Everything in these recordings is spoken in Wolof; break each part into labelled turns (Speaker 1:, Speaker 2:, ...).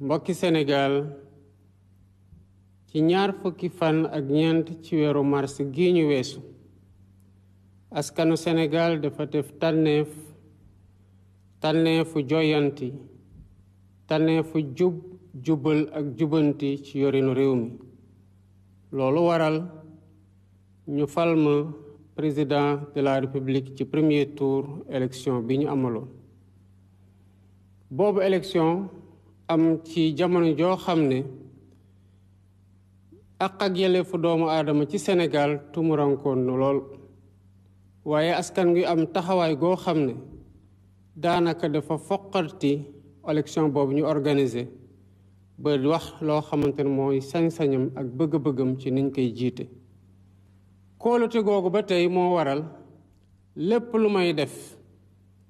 Speaker 1: mbokki Sénégal ci ñaar fukki fan ak ñeent ci weeru mars gi ñu weesu askanu Sénégal dafa def tànneef tànneefu joyanti tànneefu jub jubal ak jubanti ci yorinu réew mi loolu waral ñu fal ma président de la république ci premier tour élection bi ñu amaloon boobu élection am ci jamono joo xam ne ak ak yelleefu doomu aadama ci senegaal tumurankoon na lool waaye askan wi am taxawaay goo xam ne daanaka dafa foqarti élection boobu ñu organisé ba wax loo xamante ne mooy sañ-sañam ak bëgg-bëggam ci niñ koy jiite kóolute googu ba tey moo waral lépp lu may def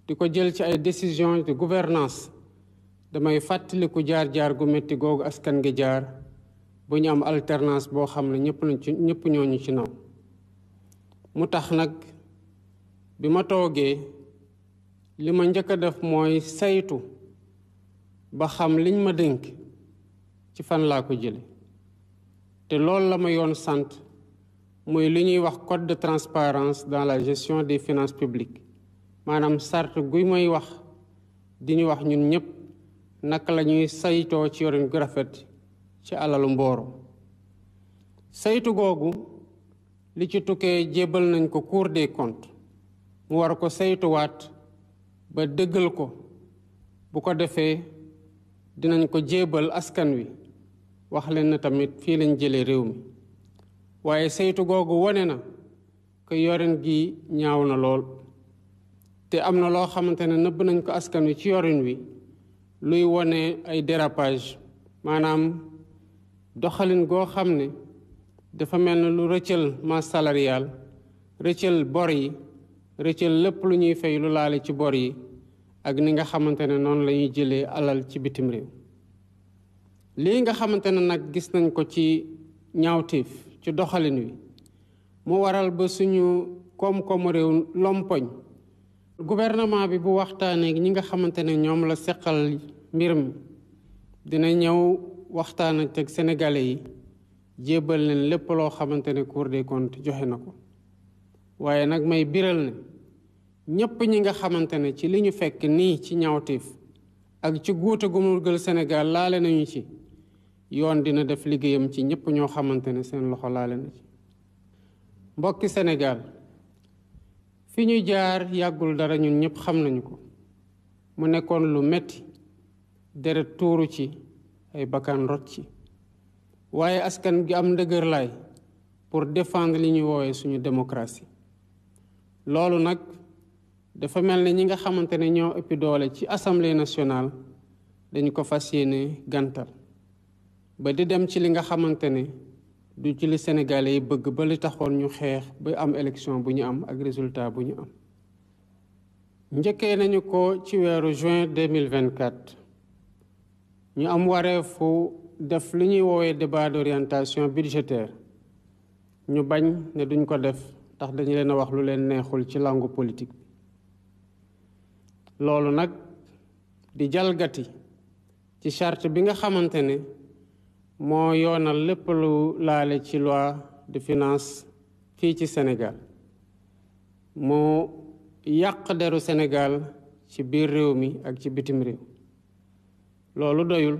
Speaker 1: di ko jël ci ay décision de gouvernance damay fàttaliku jaar-jaar gu métti googu askan gi jaar bu ñu am alternance boo xam ne ñëpp lañ ci ñëpp ñooñu ci naw mu tax nag bi ma toogee li ma njëkk a def mooy saytu ba xam liñ ma dénk ci fan laa ko jële te loolu la ma yoon sant muy li ñuy wax code de transparence dans la gestion des finances publiques maanaam sart guy may wax di ñu wax ñun ñëpp naka la ñuy saytoo ci yorin gu rafet ci alalu mbooro saytu googu li ci tukkee jébal nañ ko Cour des comptes mu war ko saytuwaat ba dëggal ko bu ko defee dinañ ko jébal askan wi wax leen na tamit fii lañ jëlee réew mi waaye saytu googu wone na ko yorin gi ñaaw na lool te am na loo xamante ne nëbb nañ ko askan wi ci yorin wi luy wone ay dérapage maanaam doxalin goo xam ne dafa mel ne lu rëccal masse salariale rëccal bor yi rëccal lépp lu ñuy fay lu laale ci bor yi ak ni nga xamante ne noonu la ñuy jëlee alal ci bitim réew lii nga xamante ne nag gis nañ ko ci ñaawteef ci doxalin wi mu waral ba suñu koom-koomu réew lompoñ gouvernement bi bu waxtaanee ñi nga xamante ne ñoom la seqal mbir mi dina ñëw waxtaan ak teg sénégalais yi jébbal leen lépp loo xamante ne Cour des comptes joxe na ko waaye nag may biral ne ñépp ñi nga xamante ne ci li ñu fekk nii ci ñawteef ak ci guuta gumurgal Sénégal laale nañu ci yoon dina def liggéeyam ci ñépp ñoo xamante ne seen loxo laale na ci mbokki Sénégal fi ñu jaar yàggul dara ñun ñëpp xam nañu ko mu nekkoon lu metti deret tuuru ci ay bakkan rot ci waaye askan gi am ndëgër ndëgërlaay pour défendre li ñuy woowe suñu démocratie loolu nag dafa mel ne ñi nga xamante ne ñoo ëpp doole ci assemblée nationale dañu ko fas yéene gàntal ba di dem ci li nga xamante ne du ci li Sénégalais yi bëgg ba li taxoon ñu xeex ba am élection bu ñu am ak résultat bu ñu am njëkkee nañu ko ci weeru juin 2024 ñu am wareefu def li ñuy woowee débat d'orientation budgétaire ñu bañ ne duñ ko def tax dañu leen a wax lu leen neexul ci langue politique loolu nag di jalgati ci charte bi nga xamante ne moo yoonal lépp lu laale ci loi de finance fii ci Sénégal moo yàq deru Sénégal ci biir réew mi ak ci bitim réew loolu doyul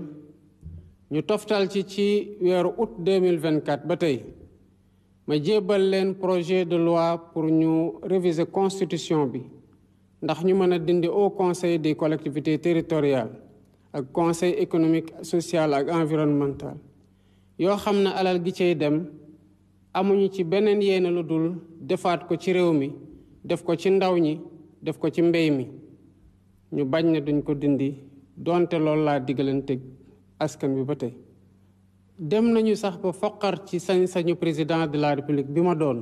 Speaker 1: ñu toftal ci ci weeru août 2024 ba tey ma jébbal leen projet de loi pour ñu réviser constitution bi ndax ñu mën a dindi au conseil des collectivité territoriales ak conseil économique sociale ak environnemental yoo xam ne alal gi cay dem amuñu ci beneen yéene lu dul defaat ko ci réew mi def ko ci ndaw ñi def ko ci mbéy mi ñu bañ ne duñ ko dindi donte loolu laa diggalanteeg askan bi ba tey dem nañu sax ba foqar ci sañ-sañu président de la république bi ma doon